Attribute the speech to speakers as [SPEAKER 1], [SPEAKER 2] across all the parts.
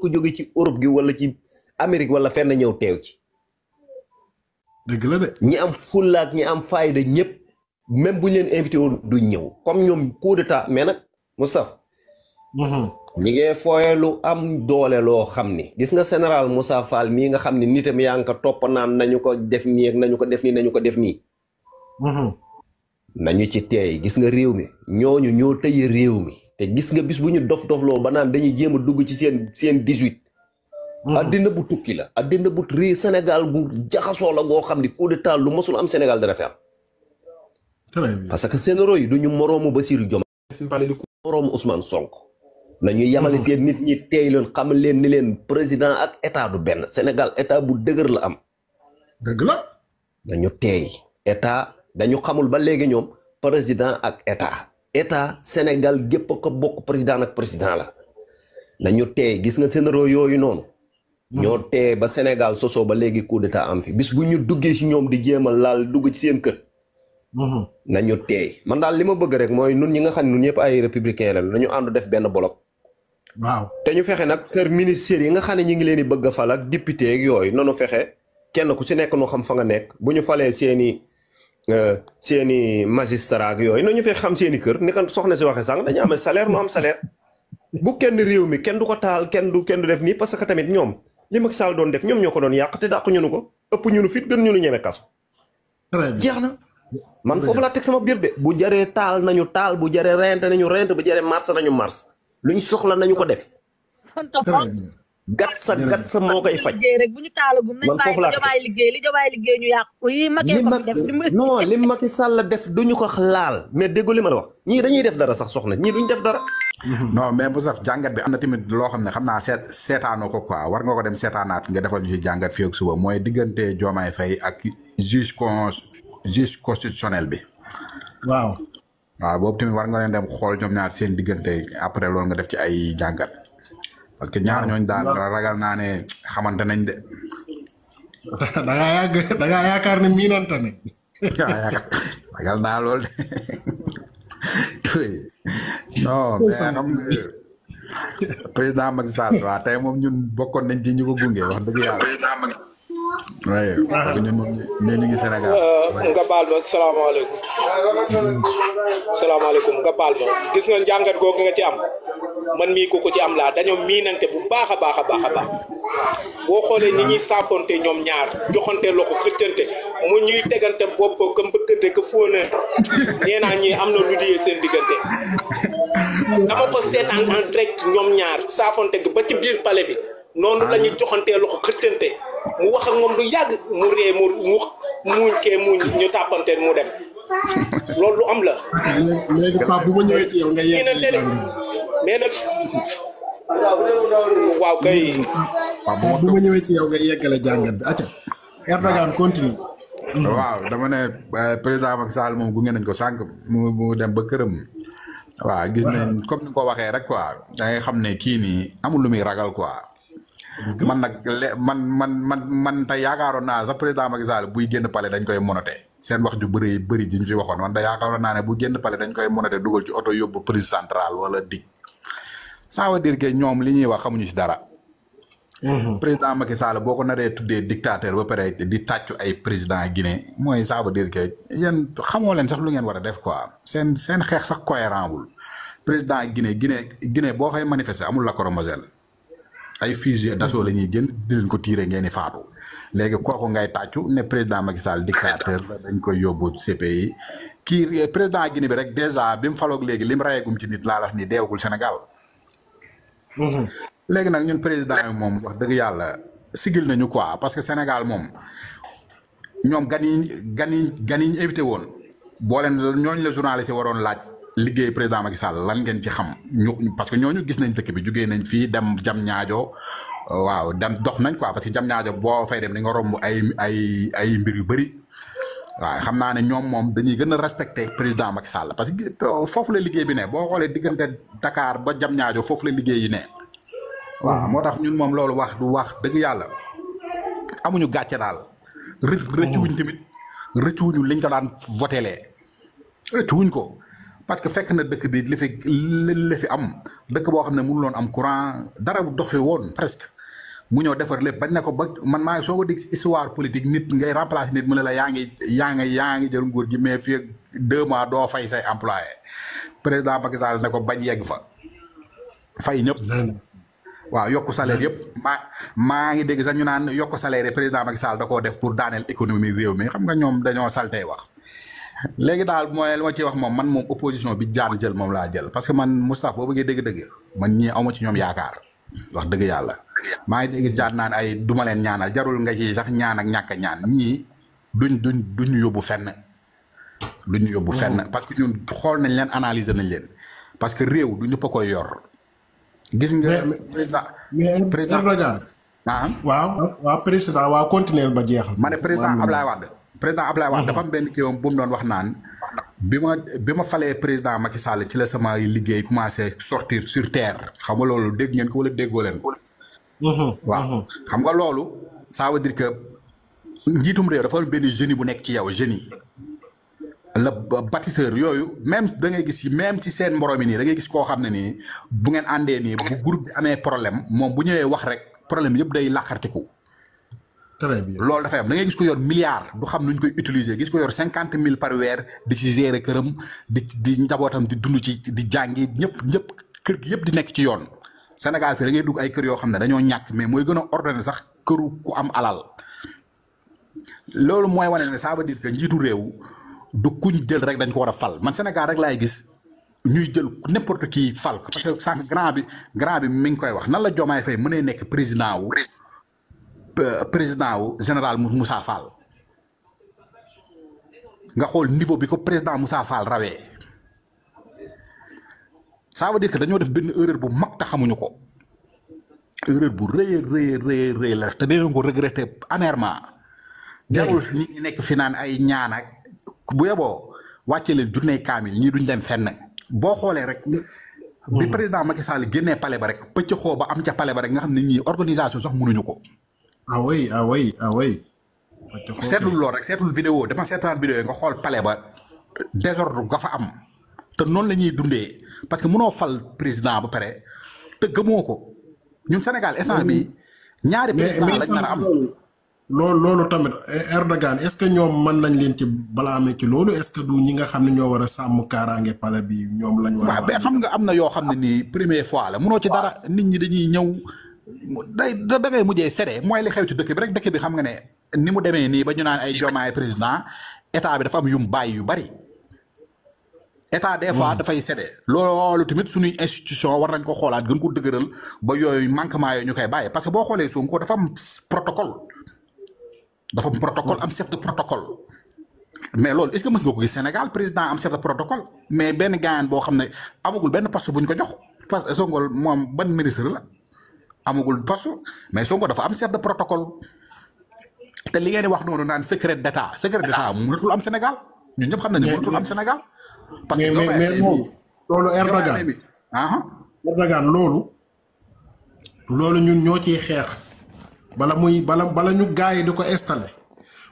[SPEAKER 1] ku jóge ci Europe gi wala ci Amérique wala fenn ñëw teew ci. dëgg ñi am fulla ak am fayda ñëpp même bu ñu leen invité woon duñ ñëw comme ñoom coup d'état mais nag Moustapha. Mhm. ñi ngee fooye lu am doole loo xam ni gis nga général Moussa Fall mii nga xam ni nitam yaa ngi ko topp naan nañu ko def nii nañu ko def nii nañu ko def nii mhm. nañu ci teey gis nga réew mi ñooñu ñoo tëye réew mi te gis nga bis bu ñu dof dofloo ba naan dañuy jéem a dugg ci seen seen 18. Mm-hmm. addina bu tukki la. addina bu réer Sénégal bu jaxasoo la goo xam ni coup d'état lu masul am Sénégal dana fi parce que seen yi du ñu moroomu Bassirou Diomaye. moroomu Ousmane Sonko. nañu yamale mm-hmm. seen nit ñi teey leen xamal leen ni leen président ak état du benn Sénégal état bu dëgër la am. dëgg la. dañu teey état dañu xamul ba léegi ñoom président ak état. état Sénégal gépp a ko bokk président nag président la nañu tey gis nga sénéro yooyu noonu ñoo teye ba Sénégal sosoo ba léegi coup d'état am fi bu ñu duggee ci ñoom di jéem a laal dugg ci seen kër mhm. nañu teey man daal li ma bëgg rek mooy nun ñi nga xam ne nun ñëpp ay républicain la ñu àndu def benn bloc waaw te ñu fexe nag kër ministère yi nga xam ne ñu ngi leen di bëgg a fal ak député ak yooyu nanu fexe kenn ku si nekk noo xam fa nga nekk bu ñu falee seeni Euh, seen i magistrat ak yooyu na ñu fee xam seen i kër ni kan soxna si waxee sànq dañu am salaire nu am salaire bu kenn réew mi kenn du ko taal kenn du kenn du def nii parce que tamit ñoom li Macky Sall doon def ñoom ñoo ko doon yàq te dàq ñu nu ko ëpp ñu nu fit gën ñu nu ñeme kasu. jeex na. man foofu laa teg sama biir de. bu jaree taal nañu taal bu jëree rent nañu rent bu jëree mars nañu mars luñ soxla nañu ko def. gat sa gat sa moo koy faj.
[SPEAKER 2] rek bu ñu taalagum nañ bàyyi li jomaay liggéey li jomaay liggéey ñu yàq ko yi Macky ko def
[SPEAKER 1] non li Macky duñu ko laal mais déggu li ma la wax ñii dañuy def dara sax soxla ñii duñ def dara. Mhm. non mais bu sax jàngat bi am na tamit loo xam ne xam naa seet
[SPEAKER 3] seetaanoo ko quoi war nga ko dem seetaanaat nga defal ñu si jàngat fii ak suba mooy diggante Diomaye Faye ak juge con juge constitutionnel bi. waaw. waaw boobu tamit war nga leen dem xool ñoom ñaar seen diggante après loolu nga def ci ay jàngat. parce que ñaar ñooñ daan ragal naa ne xamante nañ de. da ngaa yàgg da ragal naa lool de. non mais xam président Macky Sall waaw tey moom ñun bokkoon nañ ci ñu ko gunge wax dëgg yàlla. waaye ah. ne euh,
[SPEAKER 1] nga baal ma salaamaaleykum salaamaaleykum nga baal ma gis nga njàngat googu nga ci am man mii ko ko ci am laa dañoo miinante bu baax a baax a baax boo xoolee ñi ñuy ñoom ñaar joxante loxo xëccante mu ñuy tegante bopp ka mbëkkante ka fóona nee naa ñii am na lu diyee seen diggante dama ko seetaan direct ñoom ñaar saafonte ba ci biir pale bi noonu la ñuy joxantee loxo xëccante mu wax ak moom du yàgg mu ree mu mu muuñ kee ñu tàppante mu dem loolu am la. léegi Pape bu ma ñëwee ci yow nga yegg mais nag. waaw
[SPEAKER 4] Erdogan continue. waaw
[SPEAKER 3] dama ne eh, président Macky moom gunge nañ ko sànq mu dem ba këram. waaw gis nañ comme ni ko waxee rek quoi da xam ne kii nii amul lu muy ragal quoi. man nag man man man man te yaakaaroon naa sax président Macky Sall buy génn palais dañ koy monote seen wax ju bëri bëri ji ñu fi waxoon man te yaakaaroon naa ne bu génn pale dañ koy monote dugal ci oto yóbbu prise centrale wala dig ça veut dire ñoom li ñuy wax xamuñu si dara. Mhm. président Macky Sall boo ko nadee tuddee dictateur ba pare di tàccu ay président Guinée mooy ça veut dire que xamoo leen sax lu ngeen war a def ko seen seen xeex sax cohérent wul président Guinée Guinée Guinée boo koy manifester amul la coromoselle. ay fusée d'assaut la ñuy jël dinañ ko tiire ngeen di faatu léegi kooku ngay tàccu ne président Macky Sall dictateur la dañ koy yóbbu CPI kii président Guinée bi rek dèjà bi mu faloog léegi lim rayegum ci nit laa def ni deewagul Sénégal. Mhm. léegi nag ñun président yi moom wax dëgg yàlla sigil nañu quoi parce que Sénégal moom ñoom gan yi gan yi gan yi ñu invité woon boo leen ñooñu la journaliste waroon laaj. liggéey président Macky Sall lan ngeen ci xam ñu parce que ñoo ñu gis nañ dëkk bi jugee nañ fii dem jam ñaajo waaw dem dox nañ ko parce que jam ñaajo boo fay dem nga romb ay ay ay mbir yu bëri waaw xam naa ne ñoom moom dañuy gën a respecté président Macky Sall parce que euh, foofu la liggéey bi ne boo xoolee diggante dakaar ba jam ñaajo foofu la liggéey yi ne. waaw moo tax ñun moom loolu waax du waax dëgg yàlla amuñu gàcce daal. rë rëccuwuñ oh. tamit rëccuwuñu liñ ko daan votélee rëccuwuñ ko. parce que fekk na dëkk bi li fi li fi am dëkk boo xam ne mënu loon am courant dara dox fi woon presque mu ñëw defar lépp bañ na ko ba man maa ngi soo ko dig histoire politique nit ngay remplacer nit mu ne la yaa ngi yaa ngi yaa ngi jël nguur gi mais fii ak deux mois doo fay say employé président Macky Sall ne ko bañ yegg fa fay ñëpp waaw yokk salaire yëpp maa maa ngi dégg sax ñu naan yokk salaire président Macky Sall da ko def pour daaneel économie réew mi xam nga ñoom dañoo saltee wax léegi daal mooy li ma ciy wax moom man moom opposition bi jaan jël moom laa jël parce que man Moustapha boo bëggee dëgg-dëgg man ñii aw ci ñoom yaakaar wax dëgg yàlla. maa ngi dégg jaan naan ay duma leen ñaanal jarul nga ci sax ñaan ak ñàkk ñaan ñii duñ duñ duñ yóbbu fenn. duñ yóbbu fen mm-hmm. parce que ñun xool nañ leen analyser nañ leen parce que réew du ñu a koy yor. gis nga
[SPEAKER 4] président président Erdogan. Ah. waaw waaw président waaw continuer ba jeexal. ma ne président Ablaye Wade.
[SPEAKER 3] président Ablaye Wade dafa am mhm. benn kiiwam bu mu doon wax naan. bi ma bi ma falee président Macky Sall ci la sama liggéey commencé sortir sur terre xam nga loolu dégg ngeen ko wala déggoo leen ko. Mhm. waaw mhm. xam nga loolu. ça veut dire que njiitum réew dafa am benn génie bu nekk ci yow génie. la bâtisseur yooyu même da ngay gis même ci seen moroom yi nii da ngay gis koo xam ne nii bu ngeen àndee nii bu groupe bi amee problème moom bu ñëwee wax rek problème yëpp day laqartiku. très bien loolu dafay am da ngay gis ko yor milliard du xam nu ñu koy utiliser gis ko yor cinquante mille par weer di ci gérer këram di di njabootam di dund ci di jàngi ñëpp ñëpp kër gi yëpp di nekk ci yoon. Sénégal fii da ngay dugg ay kër yoo xam ne dañoo ñàkk mais mooy gën a ordonné sax këru ku am alal loolu mooy wane ne ça veut dire que njiitu réew du kuñ jël rek dañ ko war a fal man Sénégal rek lay gis. ñuy jël n'importe kii fal parce que sànq grand bi grand bi mi ngi koy wax nan la Diomaye Faye mënee nekk président wu Euh, président wu général mussa Fall nga xool niveau bi ko président mussa Fall rawee ça veut dañoo def benn erreur bu mag te xamuñu ko erreur bu rëy rëy rëy rëy la te dinañ ko regretter amèrement. jarul ñi ngi nekk fi naan ay ñaan bu yeboo wàccee leen journée kaamil ñii duñ dem fenn boo xoolee rek. bi président Macky Sall génnee pale ba rek pëcc xoo ba am ca pale ba rek nga xam ne ñii organisation sax mënuñu ko. ah oui ah oui ah oui. seetul lool rek seetul vidéo dama seetaan vidéo yi nga xool palais ba désordre nga fa am te noonu la ñuy dundee parce que mënoo fal président ba pare te gëmoo ko ñun Sénégal instant bi
[SPEAKER 4] ñaari président lañ nar a am. loolu loolu tamit eh, Erdogan est-ce que ñoom mën nañ leen ci amee ci loolu est du ñi nga xam ne ñoo war a sàmm kaaraange pale bi ñoom lañ war a. xam nga am na yoo xam ne nii première fois la munoo ci dara nit ñi dañuy ñëw.
[SPEAKER 3] day da ngay mujjee sede mooy li xew ci dëkk bi rek dëkk bi xam nga ne ni mu demee nii ba ñu naan ay jomaay président état bi dafa am yum bàyyi yu bari état des fois hmm. dafay sede loolu tamit suñuy institution war nañ ko xoolaat gën ko dëgëral ba yooyu manquement yooyu ñu koy bàyyi parce que boo xoolee Sonko dafa am protocole dafa am protocole hmm. am chef de protocole mais loolu est président am chef protocole mais benn gaayaan boo xam ne amagul benn poste bu ñu ko jox parce que Sonko moom ban ministre la amagul poste mais Sonko dafa am chef de protocole te li ngeen wax noonu naan secret d' état secret d' état mënatul am Sénégal ñun ñëpp xam nañu ne mënatul am Sénégal. parce que mais mais moom
[SPEAKER 4] loolu ah. loolu. loolu ñun ñoo ci xeex bala muy bala bala ñu gars yi di ko installé.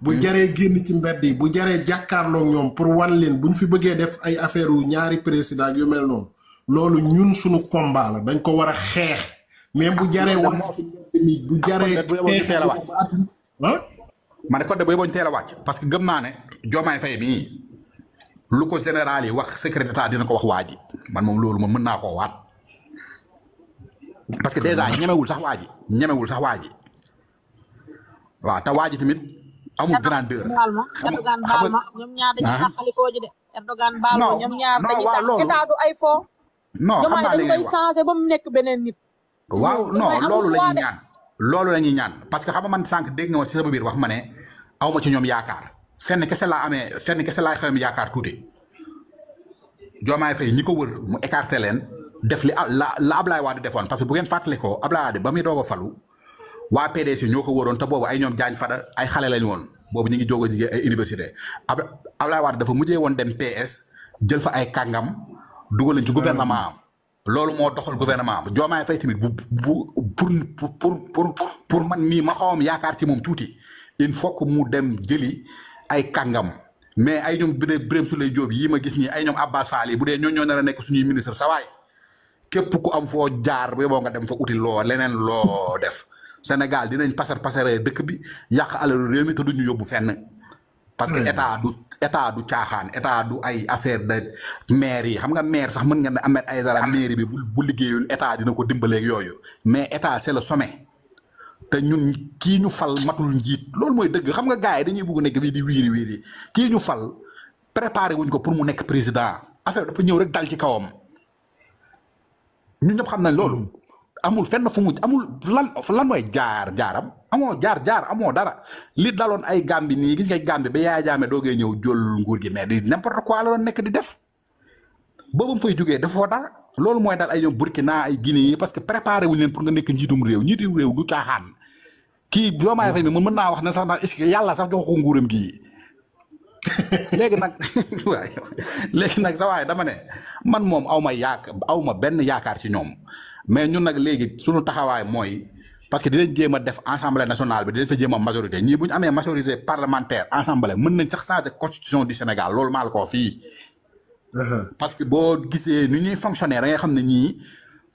[SPEAKER 4] bu hmm. jaree génn ci mbedd yi bu jaree jàkkaarloo ñoom pour wan leen bu ñu fi bëggee def ay affaire yu ñaari président yu mel noonu loolu ñun suñu combat dañ ko war a xeex. mais bu jaree wax ci mbedd mi bu jaree. Ah? ma ne ko de booy teel a wàcc parce
[SPEAKER 3] que gëm naa ne Diomaye Faye bii lu ko général yi wax secret dina ko wax waa ji man moom loolu moom mën naa koo waat parce que dèjà ñemewul sax waa ji ñemewul sax waa ji waaw te waa ji tamit amul grandeur.
[SPEAKER 2] xam ñoom ñaar dañuy ah? tàqalikoo ji de. Erdogan ay foo.
[SPEAKER 3] non xam naa li ngay wax Diomaye
[SPEAKER 2] dañ ba mu nekk beneen nit.
[SPEAKER 3] waaw non loolu la ñuy ñaan loolu la ñuy ñaan parce que xam nga sànq dégg nga ma biir wax ma ne awma ci ñoom yaakaar fenn kese laa amee fenn kese laa xamee yaakaar tuuti Diomaye Faye ñi ko wër mu écarté leen def li la la Ablaye Wade defoon parce que bu ngeen fàttali ko Ablaye Wade ba muy doog a falu waa PDC ñoo ko wëroon te boobu ay ñoom jaañ fada ay xale lañ woon boobu ñu ngi jóg a jigéen ay université Ablaye Wade dafa mujjee woon dem PS jël fa ay kàngam dugal leen ci gouvernement am loolu moo doxal gouvernement am Diomaye Faye tamit bu bu pour pour pour pour man mii ma xawam yaakaar ci moom tuuti il faut mu dem jëli ay kàngam mais ay ñoom bi Birame Souleye Diop yi ma gis nii ay ñoom Abbas Fall yi bu dee ñoo ñoo na a nekk suñuy ministre sawaay képp ku am foo jaar boo nga dem fa uti loo leneen loo def Sénégal dinañ pasar pasaree dëkk bi yàq alalu réew mi te duñu yóbbu fenn parce que état du état du caaxaan état du ay affaire de maire yi xam nga maire sax mën nga ne Ahmed Aïdara maire bi bu liggéeyul état dina ko dimbaleeg yooyu mais état c'est le sommet te ñun kii ñu fal matul njiit loolu mooy dëgg xam nga gars yi dañuy bugg nekk bii di wiiri wiiri kii ñu fal préparé wuñ ko pour mu nekk président affaire dafa ñëw rek dal ci kawam ñun ñëpp xam nañ loolu. amul fenn fu mu amul lan lan mooy jaar jaaram amoo jaar jaar amoo dara li daloon ay gambi nii gis nga gambi ba yaay jaame doogee ñëw jël nguur gi mais di n'importe quoi la nekk di def boobu fay jógee dafoo dara loolu mooy dal ay ñoom Burkina ay Guinée yi parce que préparé wuñ leen pour nga nekk njiitum réew njiitum réew du caaxaan kii Diomaye Faye mi mën naa wax ne sax ndax est-ce que yàlla sax jox ko nguuram gii léegi nag waaye léegi nag sa waaye dama ne man moom aw ma yaak aw ma benn yaakaar ci ñoom. mais ñun nag léegi suñu taxawaay mooy parce que dinañ jéem a def ensemble national bi dinañ fa jéem a majorité ñii bu ñu amee majorité parlementaire ensemble mën nañ sax changer constitution du Sénégal loolu maal ko fii. Uh-huh. parce que boo gisee ni ñuy fonctionner da ngay xam ne ñii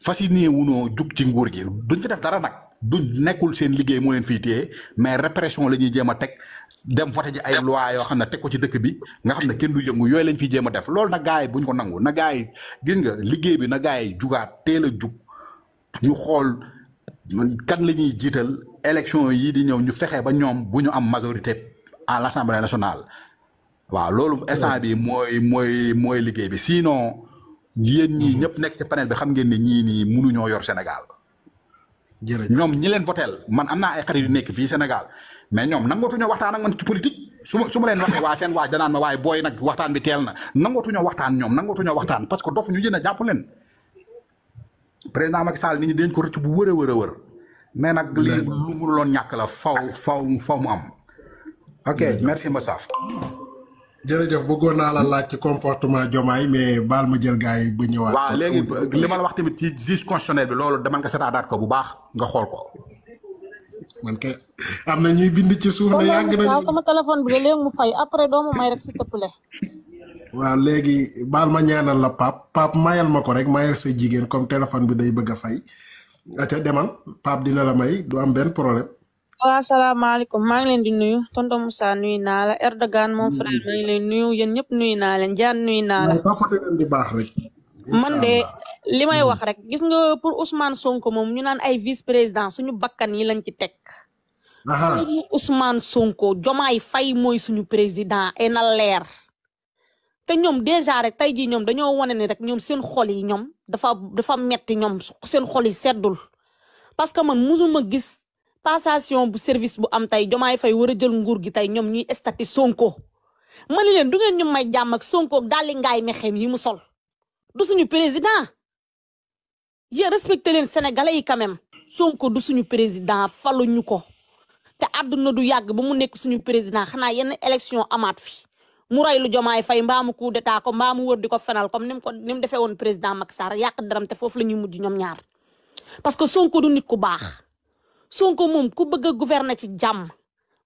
[SPEAKER 3] fas yéene wunoo jug ci nguur gi duñ fi def dara nag duñ nekkul seen liggéey moo leen fii tee mais répression la ñuy jéem a teg. dem voté ji ay loi yoo xam ne teg ko ci dëkk bi nga xam ne du yëngu yooyu lañ fiy jéem a def loolu na gaay yi buñ ko nangu na gaay gis nga liggéey bi na yi jugaat teel a jug. ñu xool kan la ñuy jiital élection yii di ñëw ñu fexe ba ñoom bu ñu am majorité à l'Assemblée nationale waaw loolu instant bi mooy mooy mooy liggéey bi sinon yéen ñii ñëpp nekk ci panel bi xam ngeen ni ñii nii mënuñoo yor Sénégal ñoom ñi leen voteel man am naa ay xarit yu nekk fii Sénégal mais ñoom nangootuñoo waxtaan ak man ci politique su ma su ma leen waxee waa seen waay danaan ma waaye booy nag waxtaan bi teel na nangootuñoo waxtaan ñoom nangootuñoo waxtaan a jàpp leen président Macky Sall nit ñi dañ ko rëcc bu wër a wër a mais nag lii lu mu loon ñàkk la faw faw faw mu am ok merci Moussaf
[SPEAKER 4] jërëjëf bëggoon naa la laaj ci comportement jomaay mais baal ma jël gars yi ba ñëwaat waaw léegi li ma
[SPEAKER 3] la wax tamit ci juge constitutionnel bi loolu dama nga setaadaat ko bu baax nga xool ko
[SPEAKER 4] am na ñuy bind ci suuf
[SPEAKER 3] ne yàgg nañu
[SPEAKER 2] sama téléphone bi léegi mu fay après doomu may rek si tëppale
[SPEAKER 4] waaw léegi baal ma ñaanal la pap pap ma ko rek mayal sa jigéen comme téléphone bi day bëgg a fay aca demal pap dina la may du am benn problème
[SPEAKER 2] waaw asalaamaaleykum maa ngi leen di nuyu tonton Moussa nuyu naa la Erdogan moom mm-hmm. frère maa leen nuyu yéen ñëpp nuyu naa leen jaan nuyu naa la di baax rek man de li may mm-hmm. wax rek gis nga pour Ousmane Sonko moom ñu naan ay vice président suñu bakkan yi lañ ci teg suñu Ousmane Sonko jomaay fay mooy suñu président e na leer te ñoom déjà rek tey jii ñoom dañoo wane ne rek ñoom seen xol yi ñoom dafa dafa metti ñoom seen xol yi seddul parce que man musuma gis passation bu service bu am tey jomaay fay war a jël nguur gi tey ñoom ñuy estati sonko ma ne leen du ngeen ñu may jàmm ak sonko daal di ngaay mexeem yi mu sol du suñu président yéen respecté leen sénégalais yi quand sonko du suñu président faluñu ko te àdduna du yàgg ba mu nekk suñu président xanaa yenn élection amaat fi mu rey lu jomaay fay mbaamu coup d'état ko mbaamu wër di ko fenal comme ni mu ko ni mu defee woon président Macky Sall yàq daram foofu la ñuy mujj ñoom ñaar parce que Sonko du nit ku baax Sonko moom ku bëgg a gouverner ci jàmm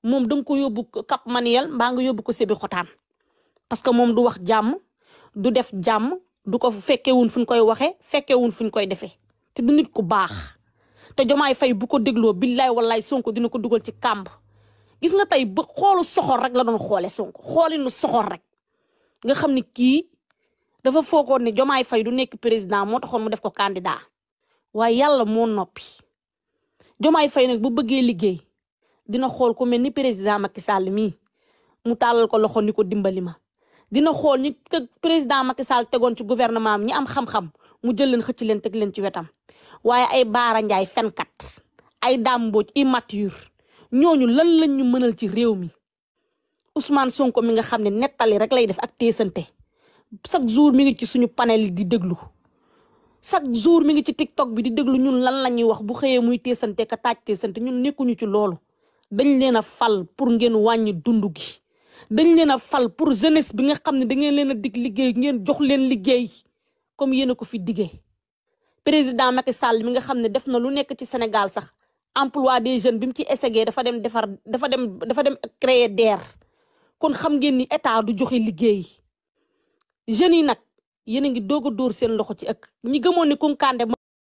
[SPEAKER 2] moom da nga ko yóbbu Cap Manuel mbaa nga yóbbu ko Sébi xotaan parce que moom du wax jàmm du def jàmm du ko fekkewun fu ñu koy waxee fekkewun fu ñu koy defee te du nit ku baax te jomaay fay bu ko dégloo billaay wallaay Sonko dina ko dugal ci kàmb gis nga tey ba xoolu soxor rek la doon xoole Sonko xoolinu soxor rek nga xam ni kii dafa foogoon ne Jomaay Fay du nekk président moo taxoon mu def ko candidat waaye yàlla moo noppi jomay Fay nag bu bëggee liggéey dina xool ku mel ni président Macky Sall mii mu tàllal ko loxo ni ko dimbali ma dina xool ni teg président Macky Sall tegoon ci gouvernement am ñi am xam-xam mu jël leen xëcc leen teg leen ci wetam waaye ay Baara Ndiaye fenkat ay Dame Mbodj immature ñooñu lan lañ ñu mënal ci réew mi Ousmane Sonko mi nga xam ne nettali rek lay def ak teesante chaque jour mi ngi ci suñu panel yi di déglu chaque jour mi ngi ci TikTok bi di déglu ñun lan la ñuy wax bu xëyee muy teesante ka taaj teesante ñun nekkuñu ci loolu dañ leen a fal pour ngeen wàññi dund gi dañ leen a fal pour jeunesse bi nga xam ne da ngeen leen a dig liggéey ngeen jox leen liggéey comme yéen ko fi diggee président Macky Sall mi nga xam ne def na lu nekk ci Sénégal sax emploi des jeunes bi mu ci essayé dafa dem defar dafa dem dafa dem créer DER kon xam ngeen ni état du joxe liggéey jeunes yi nag yéen a ngi doog a dóor seen loxo ci ak ñi gëmoon ni Kounkandé